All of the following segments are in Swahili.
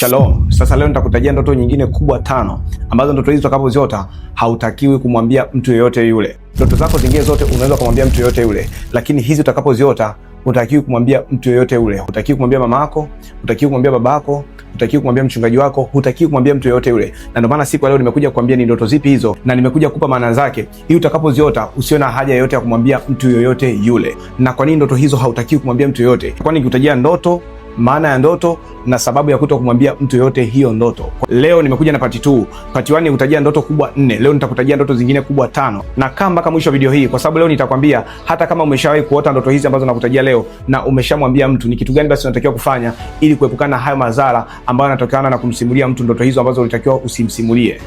Shalom. Sasa leo nitakutajia ndoto nyingine kubwa tano ambazo ndoto hizi utakapoziota hautakiwi kumwambia mtu yeyote yule. Ndoto zako zingine zote unaweza kumwambia mtu yeyote yule, lakini hizi utakapoziota hutakiwi kumwambia mtu yeyote yule. Hutakiwi kumwambia mama yako, hutakiwi kumwambia baba yako, hutakiwi kumwambia mchungaji wako, hutakiwi kumwambia mtu yeyote yule. Na ndio maana siku leo nimekuja kukwambia ni ndoto zipi hizo na nimekuja kukupa maana zake, ili utakapoziota usiwe na haja yoyote ya kumwambia mtu yoyote yule. Na kwa nini ndoto hizo hautakiwi kumwambia mtu yoyote? Kwani nikutajia ndoto maana ya ndoto na sababu ya kuto kumwambia mtu yoyote hiyo ndoto. Leo nimekuja na pati 2. Pati 1 nikutajia ndoto kubwa nne, leo nitakutajia ndoto zingine kubwa tano, na kaa mpaka mwisho wa video hii, kwa sababu leo nitakwambia hata kama umeshawahi kuota ndoto hizi ambazo nakutajia leo na umeshamwambia mtu, ni kitu gani basi unatakiwa kufanya ili kuepukana na hayo madhara ambayo yanatokana na kumsimulia mtu ndoto hizo ambazo ulitakiwa usimsimulie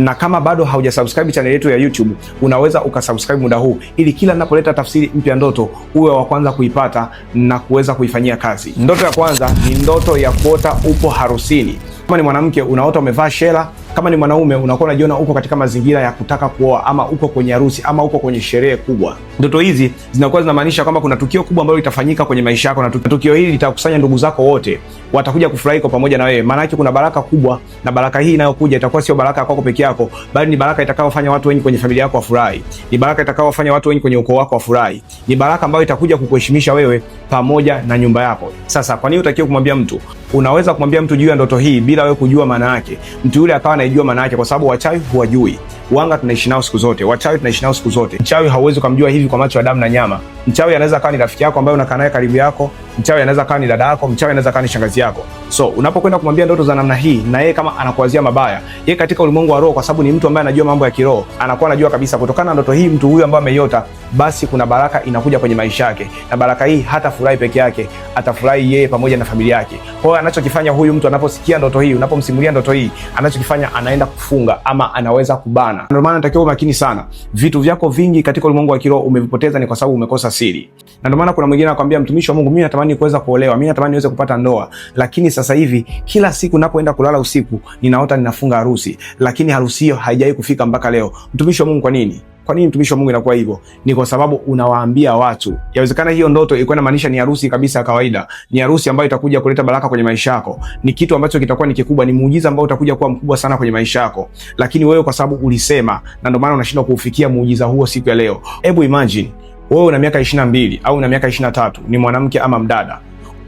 na kama bado haujasubscribe channel yetu ya YouTube, unaweza ukasubscribe muda huu, ili kila ninapoleta tafsiri mpya ndoto uwe wa kwanza kuipata na kuweza kuifanyia kazi. Ndoto ya kwanza ni ndoto ya kuota upo harusini. Kama ni mwanamke unaota umevaa shela kama ni mwanaume unakuwa unajiona uko katika mazingira ya kutaka kuoa ama uko kwenye harusi ama uko kwenye sherehe kubwa. Ndoto hizi zinakuwa zinamaanisha kwamba kuna tukio kubwa ambalo litafanyika kwenye maisha yako, na tukio hili litakusanya ndugu zako wote, watakuja kufurahi kwa pamoja na wewe. Maana yake kuna baraka kubwa, na baraka hii inayokuja itakuwa sio baraka kwako peke yako, bali ni baraka itakayofanya watu wengi kwenye familia yako wafurahi, ni baraka itakayofanya watu wengi kwenye ukoo wako wafurahi, ni baraka ambayo itakuja kukuheshimisha wewe pamoja na nyumba yako. Sasa kwa nini utakiwa kumwambia mtu Unaweza kumwambia mtu juu ya ndoto hii bila wewe kujua maana yake, mtu yule akawa anaijua maana yake, kwa sababu wachawi huwajui. Wanga tunaishi nao siku zote, wachawi tunaishi nao siku zote. Mchawi hauwezi ukamjua hivi kwa macho ya damu na nyama. Mchawi anaweza kawa ni rafiki yako ambaye unakaa naye karibu yako, mchawi anaweza kawa ni dada yako, mchawi anaweza kawa ni shangazi yako. So unapokwenda kumwambia ndoto za namna hii, na yeye kama anakuwazia mabaya, yeye katika ulimwengu wa roho, kwa sababu ni mtu ambaye anajua mambo ya kiroho, anakuwa anajua kabisa kutokana na ndoto hii mtu huyu ambaye ameiota, basi kuna baraka inakuja kwenye maisha yake, na baraka hii hata furahi peke yake, atafurahi yeye pamoja na familia yake. Kwa hiyo anachokifanya huyu mtu anaposikia ndoto hii, unapomsimulia ndoto hii, anachokifanya anaenda kufunga ama anaweza kubana sana. Ndio maana natakiwa makini sana. Vitu vyako vingi katika ulimwengu wa kiroho umevipoteza ni kwa sababu umekosa siri. Na ndio maana kuna mwingine anakuambia, mtumishi wa Mungu, mimi natamani kuweza kuolewa, mimi natamani niweze kupata ndoa, lakini sasa hivi kila siku ninapoenda kulala usiku ninaota ninafunga harusi, lakini harusi hiyo haijawahi kufika mpaka leo. Mtumishi wa Mungu, kwa nini? Kwa nini mtumishi wa Mungu inakuwa hivyo? Ni kwa sababu unawaambia watu. Yawezekana hiyo ndoto ilikuwa inamaanisha ni harusi kabisa ya kawaida, ni harusi ambayo itakuja kuleta baraka kwenye maisha yako, ni kitu ambacho kitakuwa ni kikubwa, ni muujiza ambao utakuja kuwa mkubwa sana kwenye maisha yako, lakini wewe kwa sababu ulisema, na ndio maana unashindwa kuufikia muujiza huo siku ya leo. Hebu imagine wewe una miaka 22 au una miaka 23, ni mwanamke ama mdada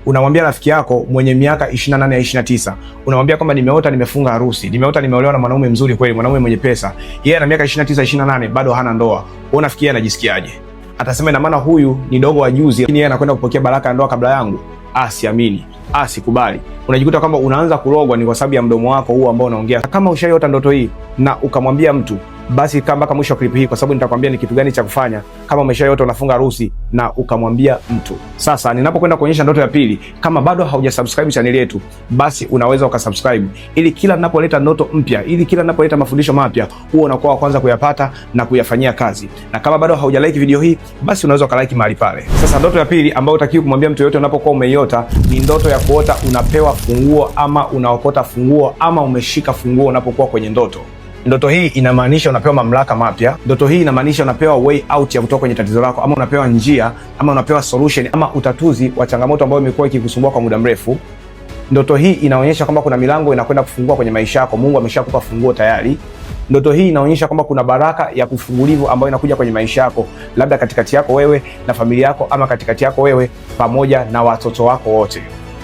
unamwambia rafiki yako mwenye miaka 28 ya 29, unamwambia kwamba nimeota nimefunga harusi, nimeota nimeolewa na mwanaume mzuri kweli, mwanaume mwenye pesa. Yeye ana miaka 29 28, bado hana ndoa. Wewe Unafikiri anajisikiaje? Atasema ina maana huyu ni dogo wa juzi, lakini yeye anakwenda kupokea baraka ya ndoa kabla yangu. Asiamini, ah, asikubali. Ah, Unajikuta kwamba unaanza kurogwa, ni kwa sababu ya mdomo wako huu ambao unaongea. Kama ushaiota ndoto hii na ukamwambia mtu basi kaa mpaka mwisho wa klipu hii, kwa sababu nitakwambia ni kitu gani cha kufanya kama maisha yote unafunga harusi na ukamwambia mtu. Sasa ninapokwenda kuonyesha ndoto ya pili, kama bado haujasubscribe chaneli yetu, basi unaweza ukasubscribe, ili kila ninapoleta ndoto mpya, ili kila ninapoleta mafundisho mapya, huo unakuwa wa kwanza kuyapata na kuyafanyia kazi. Na kama bado haujalike video hii, basi unaweza ukalike mahali pale. Sasa ndoto ya pili ambayo utakiwa kumwambia mtu yote unapokuwa umeiota ni ndoto ya kuota unapewa funguo ama unaokota funguo ama umeshika funguo unapokuwa kwenye ndoto ndoto hii inamaanisha unapewa mamlaka mapya. Ndoto hii inamaanisha unapewa way out ya kutoka kwenye tatizo lako, ama unapewa njia, ama unapewa solution, ama utatuzi wa changamoto ambayo imekuwa ikikusumbua kwa muda mrefu. Ndoto hii inaonyesha kwamba kuna milango inakwenda kufungua kwenye maisha yako. Mungu ameshakupa funguo tayari. Ndoto hii inaonyesha kwamba kuna baraka ya kufungulivu ambayo inakuja kwenye maisha yako, labda katikati yako wewe na familia yako, ama katikati yako wewe pamoja na watoto wako wote.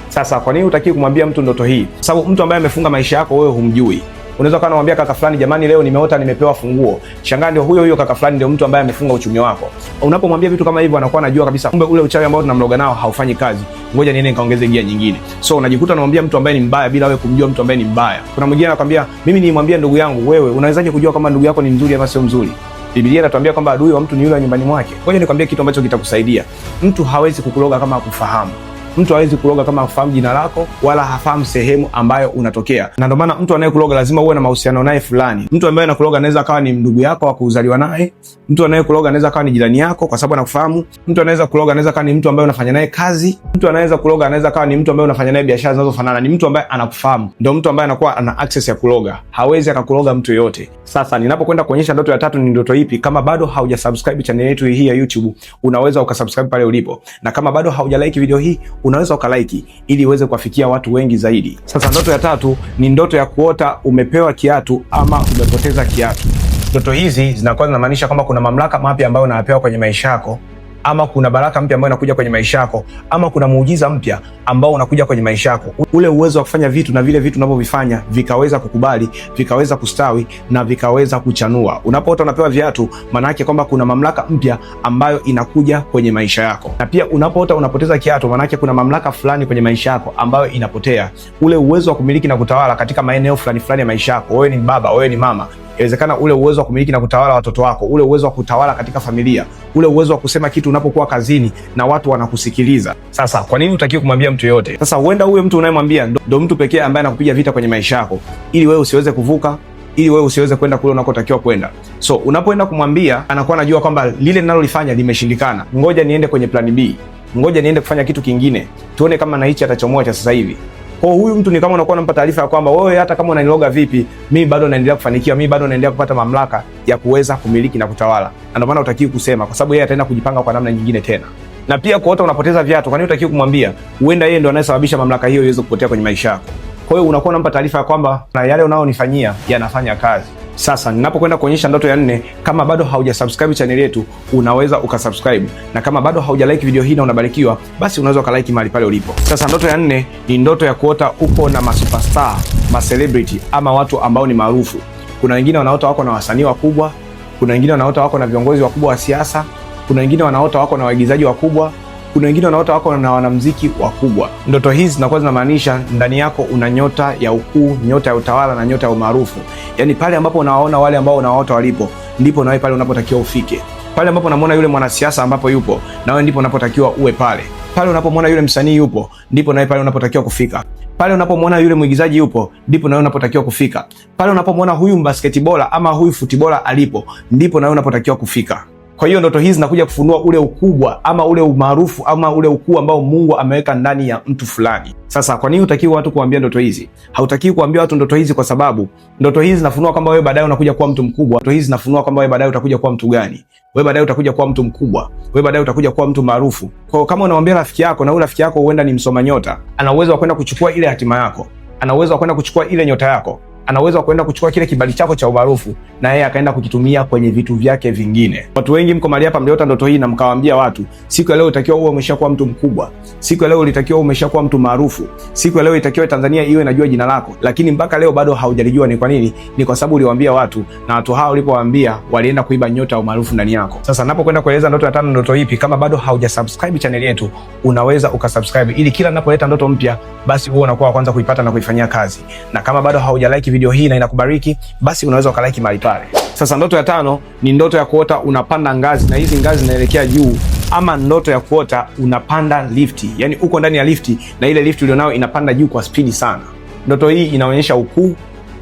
Sasa kwa nini utakii kumwambia mtu ndoto hii? Sababu mtu ambaye amefunga maisha yako wewe humjui. Unaweza kuwa unamwambia kaka fulani, jamani, leo nimeota nimepewa funguo. Shangaa ndio huyo huyo kaka fulani ndio mtu ambaye amefunga uchumi wako. Unapomwambia vitu kama hivyo, anakuwa anajua kabisa, kumbe ule uchawi ambao tunamloga nao haufanyi kazi, ngoja niende nikaongeze gia nyingine. So unajikuta unamwambia mtu ambaye ni mbaya bila wewe kumjua mtu ambaye ni mbaya. Kuna mwingine anakwambia, mimi nimwambie ndugu yangu, wewe unawezaje kujua kama ndugu yako ni mzuri ama sio mzuri? Biblia inatuambia kwamba adui wa mtu ni yule wa nyumbani mwake. Ngoja nikwambie kitu ambacho kitakusaidia. Mtu hawezi kukuloga kama hakufahamu mtu hawezi kuloga kama hafahamu jina lako wala hafahamu sehemu ambayo unatokea, na ndio maana mtu anayekuloga lazima uwe na mahusiano naye fulani. Mtu ambaye anakuloga anaweza kawa ni ndugu yako wa kuzaliwa naye, mtu anayekuloga anaweza kawa ni jirani yako kwa sababu anakufahamu. Mtu anaweza kuloga anaweza kawa ni mtu ambaye unafanya naye kazi, mtu anaweza kuloga anaweza kawa ni mtu ambaye unafanya naye biashara zinazofanana, ni mtu ambaye anakufahamu, ndio mtu ambaye anakuwa ana access ya kuloga. Hawezi akakuloga mtu yoyote. Sasa ninapokwenda kuonyesha ndoto ya tatu ni ndoto ipi, kama bado haujasubscribe channel yetu hii ya YouTube, unaweza ukasubscribe pale ulipo, na kama bado haujalike video hii unaweza ukalaiki ili iweze kuwafikia watu wengi zaidi. Sasa ndoto ya tatu ni ndoto ya kuota umepewa kiatu ama umepoteza kiatu. Ndoto hizi zinakuwa zinamaanisha kwamba kuna mamlaka mapya ambayo unayapewa kwenye maisha yako ama kuna baraka mpya ambayo inakuja kwenye maisha yako, ama kuna muujiza mpya ambao unakuja kwenye maisha yako, ule uwezo wa kufanya vitu na vile vitu unavyovifanya vikaweza kukubali, vikaweza kustawi na vikaweza kuchanua. Unapoota unapewa viatu, maana yake kwamba kuna mamlaka mpya ambayo inakuja kwenye maisha yako, na pia unapoota unapoteza kiatu, maana yake kuna mamlaka fulani kwenye maisha yako ambayo inapotea, ule uwezo wa kumiliki na kutawala katika maeneo fulani fulani ya maisha yako. Wewe ni baba, wewe ni mama Inawezekana ule uwezo wa kumiliki na kutawala watoto wako, ule uwezo wa kutawala katika familia, ule uwezo wa kusema kitu unapokuwa kazini na watu wanakusikiliza. Sasa kwa nini utakiwe kumwambia mtu yoyote? Sasa huenda huyo mtu unayemwambia ndo mtu pekee ambaye anakupiga vita kwenye maisha yako, ili wewe usiweze kuvuka ili wewe usiweze kwenda kule unakotakiwa kwenda. So unapoenda kumwambia, anakuwa anajua kwamba lile ninalolifanya limeshindikana, ngoja niende kwenye plani B, ngoja niende kufanya kitu kingine, tuone kama na hichi atachomoa cha sasa hivi. Kwa huyu mtu ni kama unakuwa unampa taarifa ya kwamba wewe hata kama unaniloga vipi, mimi bado naendelea kufanikiwa, mimi bado naendelea kupata mamlaka ya kuweza kumiliki na kutawala. Na ndio maana utakiwi kusema, kwa sababu yeye ataenda kujipanga kwa namna nyingine tena. Na pia wote unapoteza viatu, kwani utakiwi kumwambia? Huenda yeye ndio anayesababisha mamlaka hiyo iweze kupotea kwenye maisha yako. Kwa hiyo unakuwa unampa taarifa ya kwamba na yale unayonifanyia yanafanya kazi. Sasa ninapokwenda kuonyesha ndoto ya nne, kama bado haujasubscribe channel yetu unaweza ukasubscribe, na kama bado haujalike video hii na unabarikiwa, basi unaweza ukalike mahali pale ulipo. Sasa ndoto ya nne ni ndoto ya kuota upo na masuperstar, macelebrity ama watu ambao ni maarufu. Kuna wengine wanaota wako na wasanii wakubwa, kuna wengine wanaota wako na viongozi wakubwa wa siasa, kuna wengine wanaota wako na waigizaji wakubwa kuna wengine wanaota wako na wanamziki wakubwa. Ndoto hizi zinakuwa zinamaanisha ndani yako una nyota ya ukuu, nyota ya utawala na nyota ya umaarufu. Yani pale ambapo unawaona wale ambao unawaota walipo, ndipo nawe pale unapotakiwa ufike. Pale ambapo unamwona yule mwanasiasa ambapo yupo, nawe ndipo unapotakiwa uwe pale. Pale unapomwona yule msanii yupo, ndipo nawe pale unapotakiwa kufika. Pale unapomwona yule mwigizaji yupo, ndipo nawe unapotakiwa kufika. Pale unapomwona huyu mbasketibola ama huyu futibola alipo, ndipo nawe unapotakiwa kufika. Kwa hiyo ndoto hizi zinakuja kufunua ule ukubwa ama ule umaarufu ama ule ukuu ambao Mungu ameweka ndani ya mtu fulani. Sasa kwa nini hutakiwi watu kuambia ndoto hizi? Hautakiwi kuambia watu ndoto hizi kwa sababu ndoto hizi zinafunua kwamba wewe baadaye unakuja kuwa mtu mkubwa. Ndoto hizi zinafunua kwamba wewe baadaye utakuja kuwa mtu gani? Wewe baadaye utakuja kuwa mtu mkubwa. Wewe baadaye utakuja kuwa mtu maarufu. Kwa kama unamwambia rafiki yako na yule rafiki yako huenda ni msoma nyota, ana uwezo wa kwenda kuchukua ile hatima yako. Ana uwezo wa kwenda kuchukua ile nyota yako ana uwezo wa kuenda kuchukua kile kibali chako cha umaarufu na yeye akaenda kukitumia kwenye vitu vyake vingine. Watu wengi mko mahali hapa, mliota ndoto hii na mkawaambia watu, siku ya leo itakiwa uwe umeshakuwa mtu mkubwa, siku ya leo ulitakiwa umeshakuwa mtu maarufu, siku ya leo itakiwa Tanzania iwe najua jina lako, lakini mpaka leo bado haujalijua. Ni kwa nini? Ni kwa sababu uliwaambia watu, na watu hao ulipowaambia walienda kuiba nyota ya umaarufu ndani yako. Sasa napokwenda kueleza ndoto ya tano, ndoto ipi? Kama bado haujasubscribe channel yetu, unaweza ukasubscribe ili kila ninapoleta ndoto mpya, basi wewe unakuwa wa kwanza kuipata na kuifanyia kazi, na kama bado haujalike video hii na inakubariki, basi unaweza ukalike mahali pale. Sasa ndoto ya tano ni ndoto ya kuota unapanda ngazi na hizi ngazi zinaelekea juu, ama ndoto ya kuota unapanda lifti, yani uko ndani ya lifti na ile lifti ulionayo inapanda juu kwa spidi sana. Ndoto hii inaonyesha ukuu,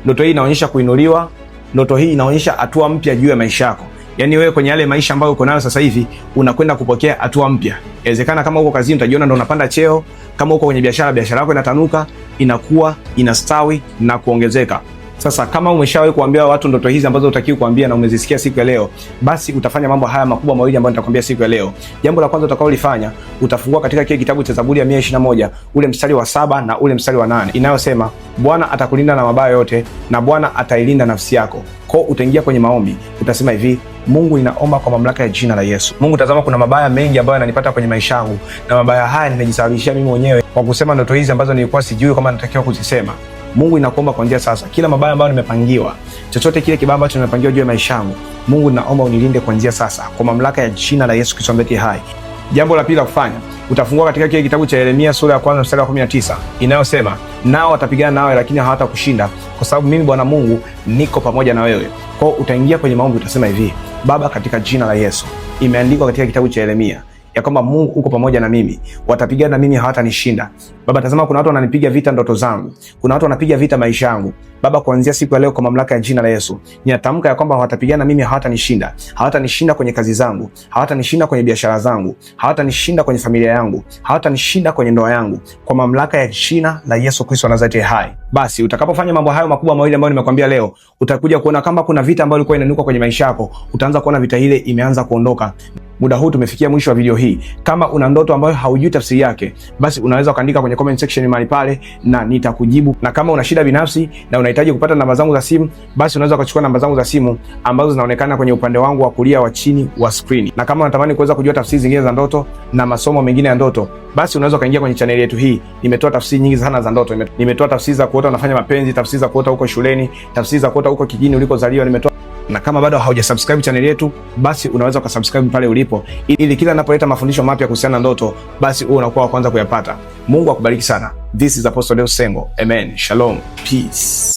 ndoto hii inaonyesha kuinuliwa, ndoto hii inaonyesha hatua mpya juu ya maisha yako yani wewe kwenye yale maisha ambayo uko nayo sasa hivi unakwenda kupokea hatua mpya. Inawezekana kama uko kazini utajiona ndo unapanda cheo, kama uko kwenye biashara biashara yako inatanuka, inakuwa, inastawi na kuongezeka. Sasa kama umeshawahi kuambia watu ndoto hizi ambazo utakiwa kuambia na umezisikia siku ya leo, basi utafanya mambo haya makubwa mawili ambayo nitakwambia siku ya leo. Jambo la kwanza utakao lifanya, utafungua katika kile kitabu cha Zaburi ya 121 ule mstari wa saba na ule mstari wa nane inayosema Bwana atakulinda na mabaya yote na Bwana atailinda nafsi yako. Kwa utaingia kwenye maombi, utasema hivi Mungu, ninaomba kwa mamlaka ya jina la Yesu. Mungu, tazama, kuna mabaya mengi ambayo yananipata kwenye maisha yangu, na mabaya haya nimejisababishia mimi mwenyewe kwa kusema ndoto hizi ambazo nilikuwa sijui kama natakiwa kuzisema. Mungu inakuomba kuanzia sasa, kila mabaya ambayo nimepangiwa, chochote kile kibaya ambacho nimepangiwa juu ya maisha yangu, Mungu naomba unilinde kuanzia sasa, kwa mamlaka ya jina la Yesu Kristo ambaye hai. Jambo la pili la kufanya utafungua katika kile kitabu cha Yeremia sura ya kwanza mstari wa 19 inayosema, nao watapigana nawe, lakini hawatakushinda kwa sababu mimi Bwana Mungu niko pamoja na wewe. Kwao utaingia kwenye maombi, utasema hivi: Baba, katika jina la Yesu, imeandikwa katika kitabu cha Yeremia ya kwamba Mungu uko pamoja na mimi, watapigana na mimi hawatanishinda. Baba, tazama kuna watu wananipiga vita ndoto zangu, kuna watu wanapiga vita maisha yangu. Baba, kuanzia siku ya leo, kwa mamlaka ya jina la Yesu, ninatamka ya kwamba hawatapigana mimi, hawatanishinda. Hawatanishinda kwenye kazi zangu, hawatanishinda kwenye biashara zangu, hawatanishinda kwenye familia yangu, hawatanishinda kwenye ndoa yangu, kwa mamlaka ya jina la Yesu Kristo Nazareti hai. Basi utakapofanya mambo hayo makubwa mawili ambayo nimekwambia leo, utakuja kuona kama kuna vita ambayo ilikuwa inanuka kwenye maisha yako, utaanza kuona vita ile imeanza kuondoka muda huu tumefikia mwisho wa video hii. Kama una ndoto ambayo haujui tafsiri yake, basi unaweza ukaandika kwenye comment section mahali pale na nitakujibu. Na kama una shida binafsi na unahitaji kupata namba zangu za simu, basi unaweza ukachukua namba zangu za simu ambazo zinaonekana kwenye upande wangu wa kulia wa chini wa screen. Na kama unatamani kuweza kujua tafsiri zingine za ndoto na masomo mengine ya ndoto, basi unaweza ukaingia kwenye chaneli yetu hii. Nimetoa tafsiri nyingi sana za ndoto. Nimetoa tafsiri za kuota unafanya mapenzi, tafsiri za kuota huko shuleni, tafsiri za kuota huko kijini ulikozaliwa. Nimetoa na kama bado haujasubscribe channel yetu, basi unaweza ukasubscribe pale ulipo, ili kila ninapoleta mafundisho mapya kuhusiana na ndoto, basi uwe unakuwa wa kwanza kuyapata. Mungu akubariki sana. This is Apostle Deusi Sengo. Amen. Shalom. Peace.